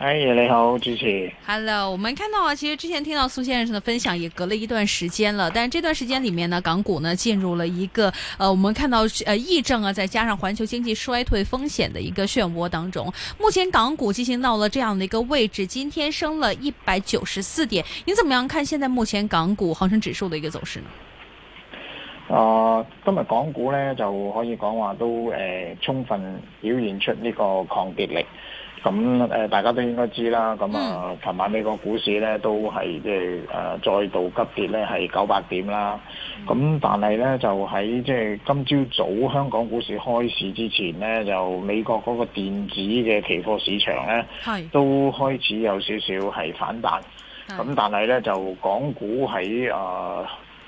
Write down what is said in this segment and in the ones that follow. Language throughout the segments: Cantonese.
哎、hey，你好，主持 Hello，我們看到啊，其實之前聽到蘇先生的分享，也隔了一段時間了。但這段時間裏面呢，港股呢進入了一個，呃，我們看到，呃，疫症啊，再加上環球經濟衰退風險的一個漩渦當中。目前港股進行到了這樣的一個位置，今天升了一百九十四點。你怎麼樣看現在目前港股恒生指數的一個走勢呢？啊、呃，今日港股呢，就可以講話都誒、呃，充分表現出呢個抗跌力。咁、呃、大家都應該知啦。咁、嗯、啊，琴、嗯、晚美國股市咧都係即係誒再度急跌咧，係九百點啦。咁、嗯、但係咧就喺即係今朝早，早香港股市開市之前咧，就美國嗰個電子嘅期貨市場咧，都開始有少少係反彈。咁但係咧就港股喺誒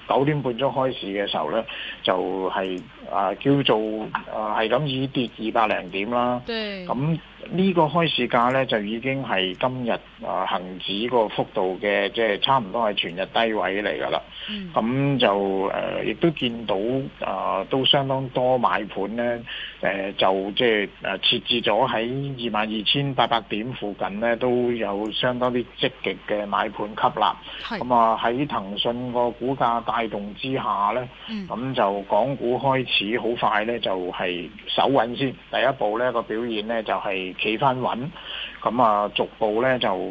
九點半鐘開市嘅時候咧，就係、是、誒、呃、叫做誒係咁已跌二百零點啦。咁呢、這個開市價咧就已經係今日啊恆、呃、指個幅度嘅，即係差唔多係全日低位嚟㗎啦。咁、嗯、就誒亦、呃、都見到啊、呃，都相當多買盤咧。誒、呃、就即係誒設置咗喺二萬二千八百點附近咧，都有相當啲積極嘅買盤吸納。咁啊，喺騰訊個股價帶動之下咧，咁、嗯、就港股開始好快咧，就係守穩先。第一步咧、這個表現咧就係、是。企翻穩，咁啊逐步咧就誒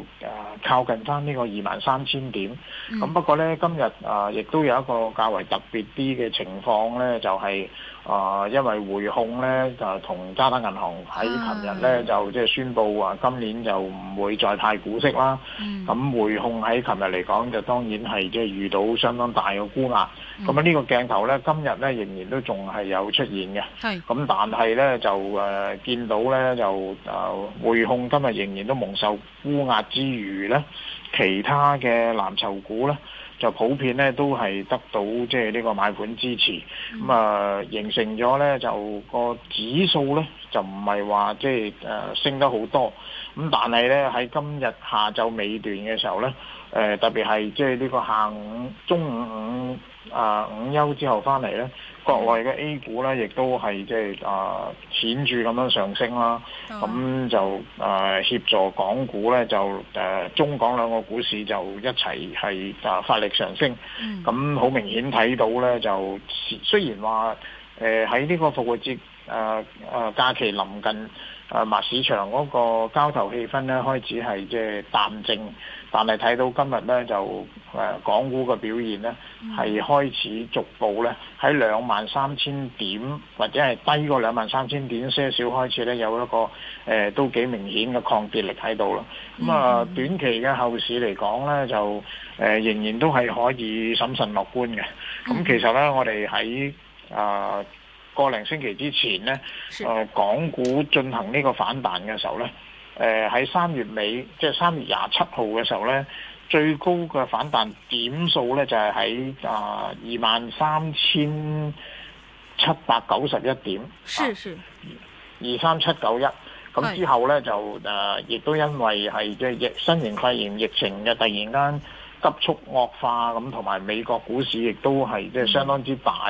靠近翻呢個二萬三千點。咁、嗯、不過咧今日啊，亦、呃、都有一個較為特別啲嘅情況咧，就係、是、啊、呃，因為匯控咧就同渣打銀行喺琴日咧就即係宣布話今年就唔會再派股息啦。咁、嗯、匯控喺琴日嚟講，就當然係即係遇到相當大嘅沽壓。咁啊，呢個鏡頭咧，今日咧仍然都仲係有出現嘅。係。咁但係咧就誒見到咧就誒匯控今日仍然都蒙受沽壓之餘咧，其他嘅藍籌股咧就普遍咧都係得到即係呢個買盤支持。咁啊，形成咗咧就個指數咧就唔係話即係誒升得好多。咁但係咧喺今日下晝尾段嘅時候咧。誒、呃、特別係即係呢個下午、中午午啊午休之後翻嚟咧，國內嘅 A 股咧亦都係即係啊顯著咁樣上升啦。咁、哦、就誒、呃、協助港股咧，就、呃、中港兩個股市就一齊係啊發力上升。咁、嗯、好明顯睇到咧，就雖然話喺呢個復活節誒、呃呃、假期臨近，誒、呃、賣市場嗰個交投氣氛咧開始係即係淡靜。但係睇到今日咧就誒、呃、港股嘅表現咧，係、嗯、開始逐步咧喺兩萬三千點或者係低過兩萬三千點些少開始咧有一個誒、呃、都幾明顯嘅抗跌力喺度啦。咁、嗯、啊短期嘅後市嚟講咧就誒、呃、仍然都係可以審慎樂觀嘅。咁、嗯、其實咧我哋喺啊個零星期之前咧誒、呃、港股進行呢個反彈嘅時候咧。誒喺三月尾，即係三月廿七號嘅時候咧，最高嘅反彈點數咧就係喺啊二萬三千七百九十一點，係係二三七九一。咁之後咧就誒，亦、呃、都因為係即係疫新型肺炎疫情嘅突然間急速惡化，咁同埋美國股市亦都係即係相當之大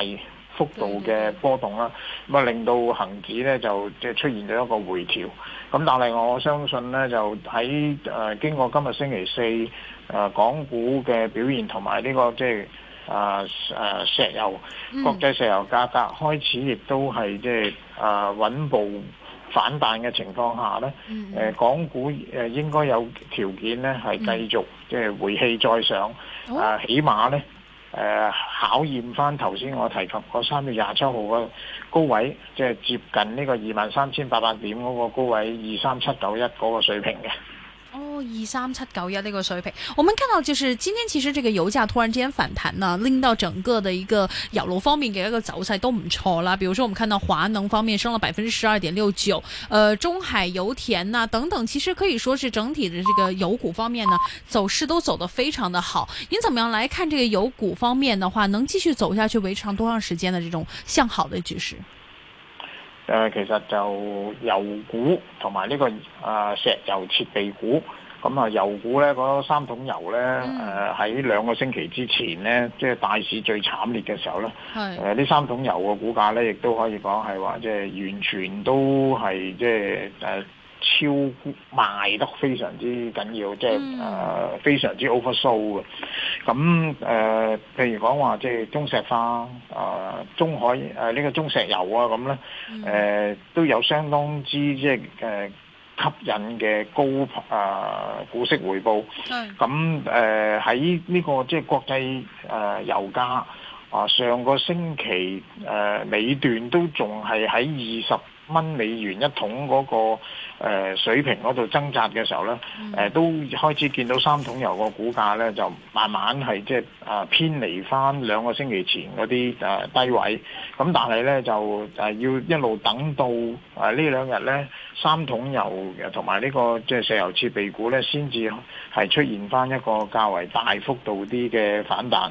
幅度嘅波動啦，咁、嗯、啊、嗯、令到恒指咧就即係出現咗一個回調。咁但係我相信咧，就喺、呃、經過今日星期四、呃、港股嘅表現同埋呢個即係、呃、石油、嗯、國際石油價格開始亦都係即係、呃、穩步反彈嘅情況下咧、嗯呃，港股應該有條件咧係繼續、嗯、即係回氣再上，哦呃、起碼咧。誒、呃，考驗翻頭先我提及個三月廿七號個高位，即、就、係、是、接近呢個二萬三千八百點嗰個高位，二三七九一嗰個水平嘅。二三七九一呢個水平，我們看到就是今天其實這個油價突然之間反彈呢，令到整個的一個油路方面嘅一個走勢都唔錯啦。比如說我們看到華能方面升了百分之十二點六九，呃，中海油田呐、啊、等等，其實可以說是整體的這個油股方面呢走勢都走得非常的好。您怎麼樣來看這個油股方面的話，能繼續走下去維持多長時間的這種向好的局勢？誒、呃，其實就油股同埋呢個呃石油設備股。咁啊，油股咧，嗰、那個、三桶油咧，誒、嗯、喺、呃、兩個星期之前咧，即係大市最慘烈嘅時候咧，誒呢、呃、三桶油嘅股價咧，亦都可以講係話，即係完全都係即係誒、啊、超賣得非常之緊要，嗯、即係誒、呃、非常之 oversold 嘅。咁、嗯、誒，譬、呃、如講話即係中石化啊、呃、中海誒呢、呃呢個中石油啊，咁咧誒都有相當之即係誒。呃吸引嘅高誒、呃、股息回報，咁誒喺呢個即係、就是、國際誒、呃、油價啊、呃，上個星期誒、呃、尾段都仲係喺二十蚊美元一桶嗰個水平嗰度掙扎嘅時候咧，誒、嗯、都開始見到三桶油個股價咧就慢慢係即係啊偏離翻兩個星期前嗰啲誒低位，咁但係咧就誒要一路等到誒、啊、呢兩日咧三桶油同埋呢個即係、就是、石油設備股咧先至係出現翻一個較為大幅度啲嘅反彈，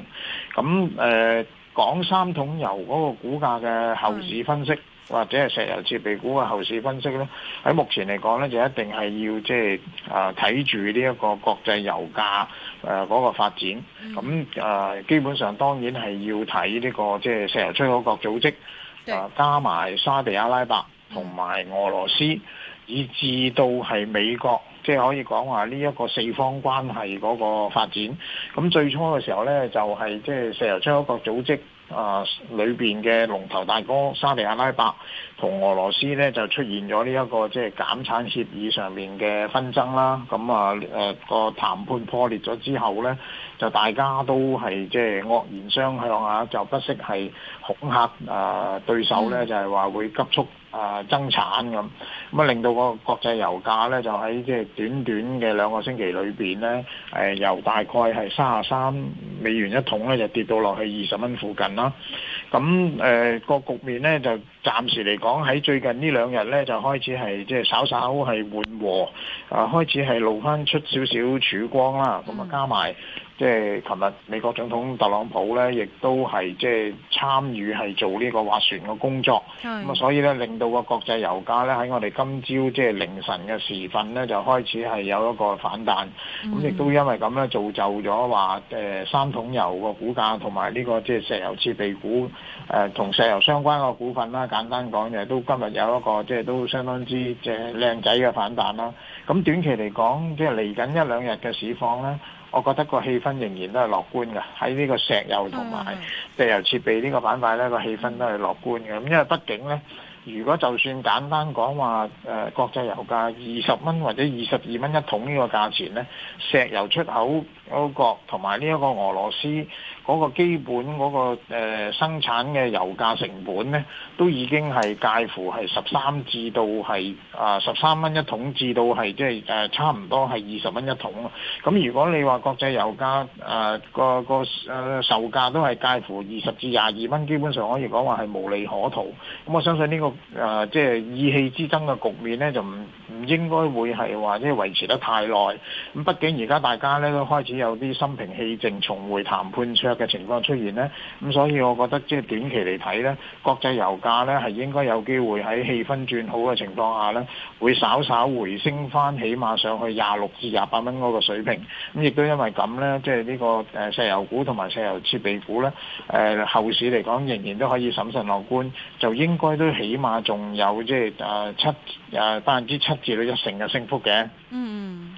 咁誒講三桶油嗰個股價嘅後市分析。嗯或者係石油設備股嘅後市分析咧，喺目前嚟講咧，就一定係要即係啊睇住呢一個國際油價誒嗰、呃那個發展。咁誒、呃，基本上當然係要睇呢、這個即係、就是、石油出口國組織啊、呃，加埋沙地阿拉伯同埋俄羅斯，以至到係美國。即係可以講話呢一個四方關係嗰個發展，咁最初嘅時候咧，就係即係石油出口國組織啊裏、呃、面嘅龍頭大哥沙地阿拉伯同俄羅斯咧就出現咗呢一個即係減產協議上面嘅紛爭啦。咁啊、呃那個談判破裂咗之後咧，就大家都係即係惡言相向啊，就不惜係恐嚇啊、呃、對手咧，就係、是、話會急速。誒、啊，增產咁，咁啊令到個國際油價咧就喺即係短短嘅兩個星期裏邊咧，誒、呃，由大概係三十啊三美元一桶咧就跌到落去二十蚊附近啦，咁誒個局面咧就～暫時嚟講喺最近這兩天呢兩日咧就開始係即係稍稍係緩和，啊開始係露翻出少少曙光啦。咁、嗯、啊加埋即係琴日美國總統特朗普咧，亦都係即係參與係做呢個斡旋嘅工作。咁、嗯、啊，所以咧令到個國際油價咧喺我哋今朝即係凌晨嘅時分咧就開始係有一個反彈。咁、嗯、亦、嗯、都因為咁咧造就咗話誒三桶油個股價同埋呢個即係、就是、石油設備股誒同石油相關嘅股份啦。簡單講就都今日有一個即係都相當之即係靚仔嘅反彈啦。咁短期嚟講，即係嚟緊一兩日嘅市況咧，我覺得個氣氛仍然都係樂觀嘅。喺呢個石油同埋石油設備呢個板塊咧，個氣氛都係樂觀嘅。咁因為畢竟咧，如果就算簡單講話誒，國際油價二十蚊或者二十二蚊一桶呢個價錢咧，石油出口歐國同埋呢一個俄羅斯嗰個基本嗰、那個、呃、生產嘅油價成本咧，都已經係介乎係十三至到係啊十三蚊一桶至到係即係誒差唔多係二十蚊一桶咯。咁如果你話國際油價誒、呃、個個誒、呃、售價都係介乎二十至廿二蚊，基本上可以講話係無利可圖。咁我相信呢、這個誒即係意氣之爭嘅局面咧，就唔唔應該會係話即係維持得太耐。咁畢竟而家大家咧都開始。有啲心平氣靜重回談判桌嘅情況出現呢。咁所以我覺得即係短期嚟睇呢，國際油價呢，係應該有機會喺氣氛轉好嘅情況下呢，會稍稍回升翻，起碼上去廿六至廿八蚊嗰個水平。咁亦都因為咁呢，即係呢個誒石油股同埋石油設備股呢，誒、呃、後市嚟講仍然都可以審慎樂觀，就應該都起碼仲有即係誒、呃、七誒百分之七至到一成嘅升幅嘅。嗯。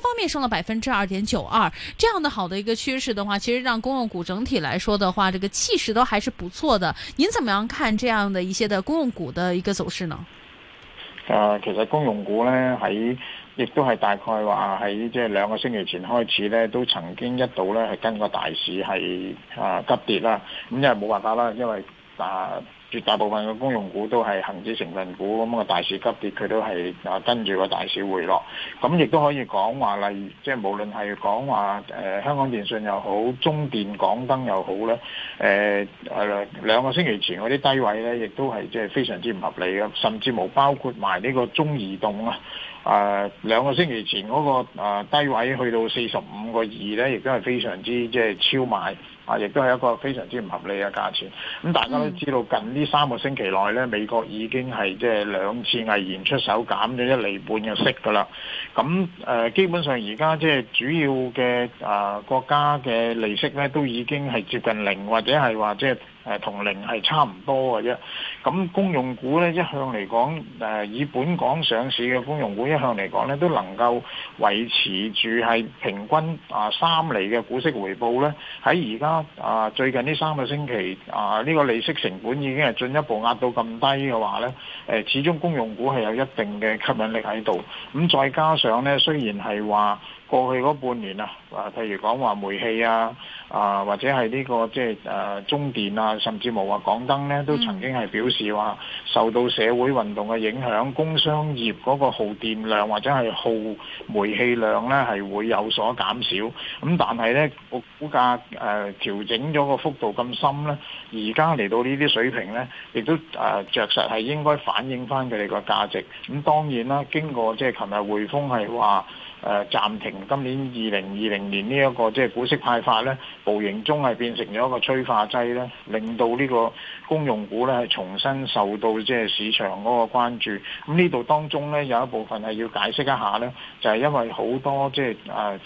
方面升了百分之二點九二，這樣的好的一個趨勢的話，其實讓公用股整體來說的話，這個氣勢都還是不錯的。您怎麼樣看這樣的一些的公用股的一個走勢呢？呃，其實公用股呢喺亦都係大概話喺即係兩個星期前開始呢，都曾經一度呢係跟個大市係啊、呃、急跌啦。咁因為冇辦法啦，因為啊。呃絕大部分嘅公用股都係恒指成分股，咁、那個大市急跌，佢都係啊跟住個大市回落。咁亦都可以講話，例如即係無論係講話誒香港電訊又好，中電、港燈又好咧，誒係啦，兩個星期前嗰啲低位咧，亦都係即係非常之唔合理嘅，甚至冇包括埋呢個中移動啊。誒、呃、兩個星期前嗰、那個、呃、低位去到四十五個二咧，亦都係非常之即係超賣。啊！亦都係一個非常之唔合理嘅價錢。咁、嗯嗯、大家都知道，近呢三個星期內，咧，美國已經係即係兩次毅然出手減咗一厘半嘅息㗎喇。咁誒、呃，基本上而家即係主要嘅啊、呃、國家嘅利息咧，都已經係接近零或者係話即係。誒同零係差唔多嘅啫，咁公用股咧，一向嚟講，誒以本港上市嘅公用股一向嚟講咧，都能夠維持住係平均啊三厘嘅股息回報咧。喺而家啊最近呢三個星期啊，呢個利息成本已經係進一步壓到咁低嘅話咧，誒始終公用股係有一定嘅吸引力喺度。咁再加上咧，雖然係話過去嗰半年啊，啊譬如講話煤氣啊，啊或者係呢個即係誒中電啊。甚至無話港燈咧，都曾經係表示話受到社會運動嘅影響，工商業嗰個耗電量或者係耗煤氣量咧係會有所減少。咁但係咧個股價誒調整咗個幅度咁深咧，而家嚟到呢啲水平咧，亦都誒着實係應該反映翻佢哋個價值。咁當然啦，經過即係琴日匯豐係話。誒、呃、暫停，今年二零二零年呢一個即係股息派發咧，無形中係變成咗一個催化劑咧，令到呢個公用股咧係重新受到即係市場嗰個關注。咁呢度當中咧有一部分係要解釋一下咧，就係、是、因為好多即係誒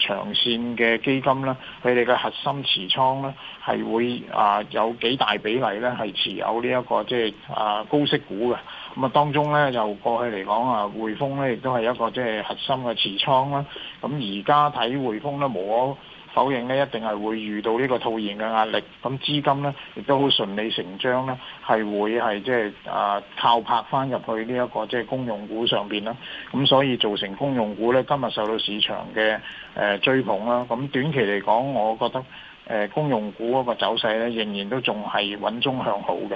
長線嘅基金咧，佢哋嘅核心持倉咧係會啊、呃、有幾大比例咧係持有呢一個即係啊高息股嘅。咁、嗯、啊當中咧就過去嚟講啊，匯豐咧亦都係一個即係核心嘅持倉啦。咁而家睇匯豐咧，無可否認咧，一定係會遇到呢個套現嘅壓力。咁資金咧，亦都好順理成章咧，係會係即係啊靠拍翻入去呢一個即係公用股上邊啦。咁所以造成公用股咧，今日受到市場嘅誒追捧啦。咁短期嚟講，我覺得誒公用股嗰個走勢咧，仍然都仲係穩中向好嘅。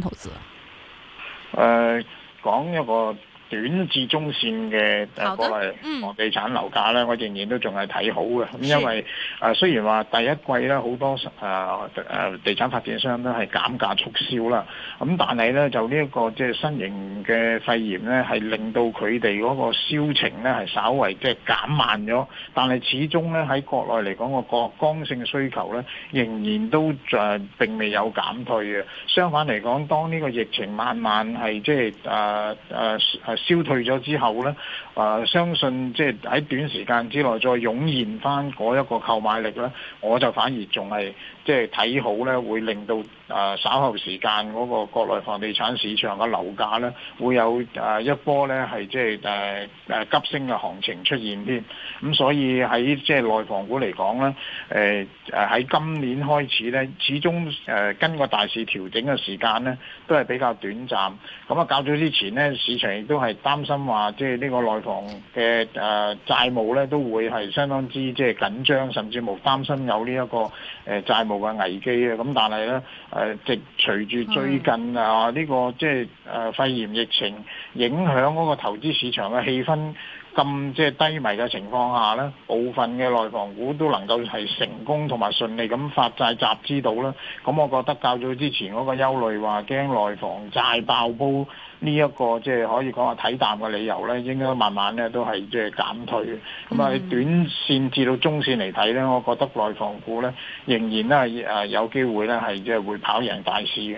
投資誒，講一個。短至中線嘅國內房地產樓價咧，我仍然都仲係睇好嘅。咁、嗯、因為誒雖然話第一季咧好多誒地產發展商咧係減價促銷啦，咁但係咧就呢一個即係新型嘅肺炎咧係令到佢哋嗰個銷情咧係稍為即係減慢咗，但係始終咧喺國內嚟講個國剛性需求咧仍然都誒並未有減退嘅。相反嚟講，當呢個疫情慢慢係即係誒消退咗之後咧，啊，相信即係喺短時間之內再湧現返嗰一個購買力咧，我就反而仲係即係睇好咧，會令到啊稍後時間嗰個國內房地產市場嘅樓價咧，會有啊一波咧係即係誒誒急升嘅行情出現添。咁所以喺即係內房股嚟講咧，誒誒喺今年開始咧，始終誒跟個大市調整嘅時間咧，都係比較短暫。咁啊，較早之前咧，市場亦都係，擔心話即係呢個內房嘅誒債務咧，都會係相當之即係緊張，甚至冇擔心有、這個呃、債呢一個誒債務嘅危機啊！咁但係咧誒，隨隨住最近啊呢個即係誒、呃、肺炎疫情影響嗰個投資市場嘅氣氛咁即係低迷嘅情況下咧，部分嘅內房股都能夠係成功同埋順利咁發債集資到啦。咁我覺得較早之前嗰個憂慮話驚內房債爆煲。呢、這、一個即係可以講下睇淡嘅理由咧，應該慢慢咧都係即係減退嘅。咁、嗯、啊，短線至到中線嚟睇咧，我覺得內房股咧仍然咧誒有機會咧係即係會跑贏大市嘅。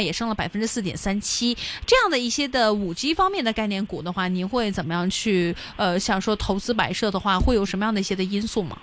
也升了百分之四點三七，這樣的一些的五 G 方面的概念股的話，你會怎麼樣去呃，想說投資擺設的話，會有什麼樣的一些的因素嗎？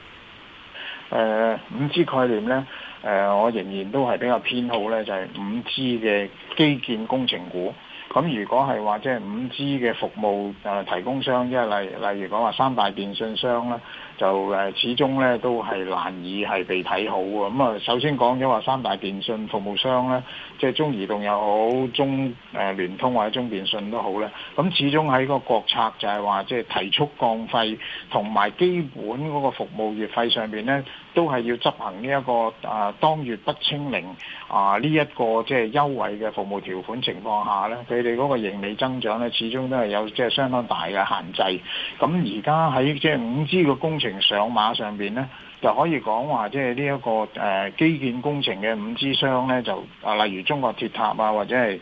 呃，五 G 概念呢，呃，我仍然都係比較偏好呢，就係五 G 嘅基建工程股。咁如果係話即係五 G 嘅服務提供商，即係例例如講話三大電信商咧，就始終咧都係難以係被睇好喎。咁啊，首先講咗話三大電信服務商咧，即係中移動又好，中誒聯通或者中電信都好呢。咁始終喺個國策就係話即係提速降費，同埋基本嗰個服務月費上面咧，都係要執行呢一個誒當月不清零啊呢一個即係優惠嘅服務條款情況下咧，你嗰個盈利增長咧，始終都係有即係相當大嘅限制。咁而家喺即係五 G 嘅工程上馬上邊咧，就可以講話，即係呢一個誒基建工程嘅 5G 商咧，就啊例如中國鐵塔啊，或者係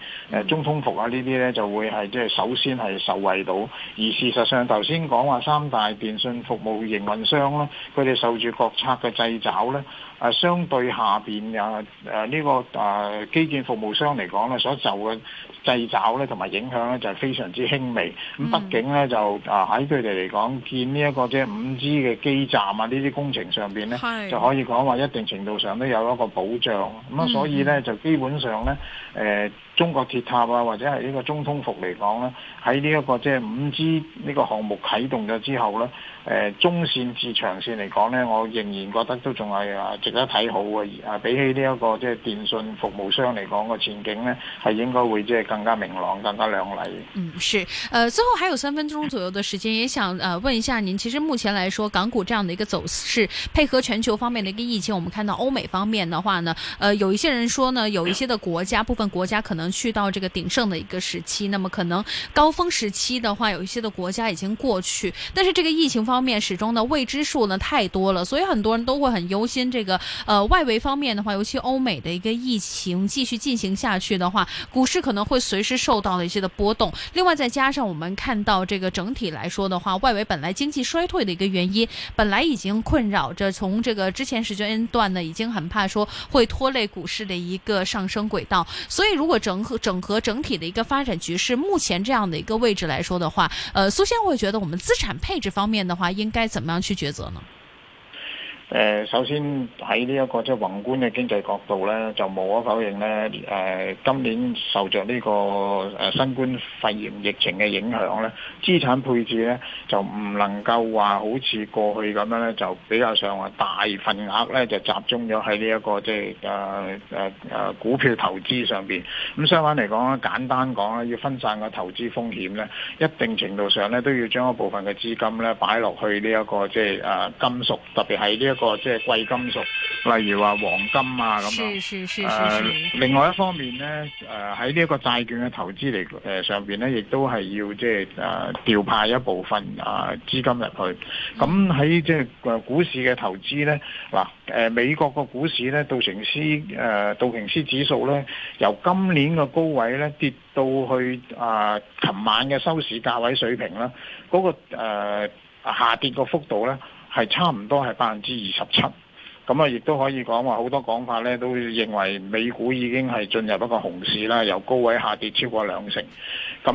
中通服啊呢啲咧，就會係即係首先係受惠到。而事實上，頭先講話三大電訊服務營運商啦，佢哋受住國策嘅掣肘咧，啊相對下邊啊呢、這個誒、啊、基建服務商嚟講咧，所受嘅掣肘咧同埋影響咧就係、是、非常之輕微。咁、嗯、畢竟咧就啊喺佢哋嚟講，建呢一個即係 5G 嘅基站啊呢啲工程上。上邊咧係就可以講話，一定程度上都有一個保障，咁啊所以咧、嗯嗯、就基本上咧誒。呃中國鐵塔啊，或者係呢個中通服嚟講呢，喺呢一個即係五 G 呢個項目啟動咗之後呢，誒、呃、中線至長線嚟講呢我仍然覺得都仲係啊值得睇好嘅，啊比起呢一個即係電信服務商嚟講個前景呢係應該會即係更加明朗、更加亮麗。嗯，是，誒、呃、最後還有三分鐘左右嘅時間，也想誒問一下您，其實目前嚟講，港股這樣嘅一個走勢，配合全球方面嘅一個疫情，我們看到歐美方面嘅話呢，誒、呃、有一些人說呢，有一些嘅國家部分國家可能，能去到這個鼎盛的一個時期，那麼可能高峰時期的話，有一些的國家已經過去，但是這個疫情方面始終的未知數呢太多了，所以很多人都會很憂心。這個呃，外圍方面的話，尤其歐美的一個疫情繼續進行下去的話，股市可能會隨時受到了一些的波動。另外再加上我們看到這個整體來說的話，外圍本來經濟衰退的一個原因，本來已經困擾着從這個之前時間段呢，已經很怕說會拖累股市的一個上升軌道。所以如果整整合整合整體的一個發展局勢，目前這樣的一個位置來說的話，呃，蘇先生，會覺得我們資產配置方面的話，應該怎麼樣去抉擇呢？誒，首先喺呢一個即係宏觀嘅經濟角度咧，就無可否認咧，誒，今年受着呢個誒新冠肺炎疫情嘅影響咧，資產配置咧就唔能夠話好似過去咁樣咧，就比較上話大份額咧就集中咗喺呢一個即係誒誒誒股票投資上邊。咁相反嚟講咧，簡單講咧，要分散個投資風險咧，一定程度上咧都要將一部分嘅資金咧擺落去呢、這、一個即係誒、啊、金屬，特別係呢一個即係貴金屬，例如話黃金啊咁啊。是是是是，是、啊。另外一方面咧，誒、啊、喺、呃、呢一個債券嘅投資嚟，誒上邊咧，亦都係要即係誒調派一部分啊資金入去。咁喺即係誒股市嘅投資咧，嗱、啊、誒、啊、美國個股市咧，道瓊斯誒、啊、道瓊斯指數咧，由今年嘅高位咧，跌到去啊琴晚嘅收市價位水平啦，嗰、那個誒、啊、下跌個幅度咧。係差唔多係百分之二十七，咁啊，亦都可以講話好多講法咧，都認為美股已經係進入一個熊市啦，由高位下跌超過兩成。咁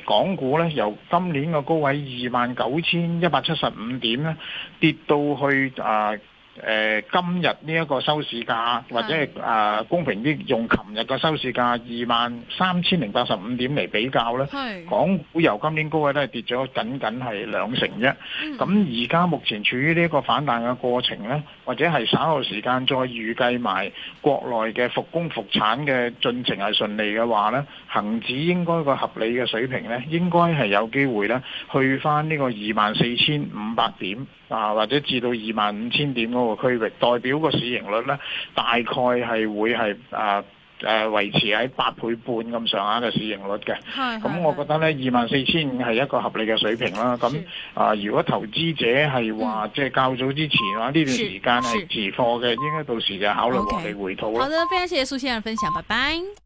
而港股咧，由今年個高位二萬九千一百七十五點咧，跌到去啊。呃、今日呢一個收市價，或者、呃、公平啲用琴日嘅收市價二萬三千零八十五點嚟比較咧，係港股由今年高位都係跌咗僅僅係兩成啫。咁而家目前處於呢個反彈嘅過程咧，或者係稍後時間再預計埋國內嘅復工復產嘅進程係順利嘅話咧，恒指應該個合理嘅水平咧，應該係有機會咧去返呢個二萬四千五百點。啊，或者至到二萬五千點嗰個區域，代表個市盈率呢，大概係會係啊誒維持喺八倍半咁上下嘅市盈率嘅。係。咁、嗯嗯嗯嗯、我覺得呢，二萬四千五係一個合理嘅水平啦。咁啊、呃，如果投資者係話、嗯、即係較早之前話呢段時間係持貨嘅，應該到時就考慮獲利回吐。Okay. 好的，非常謝謝蘇先生分享，拜拜。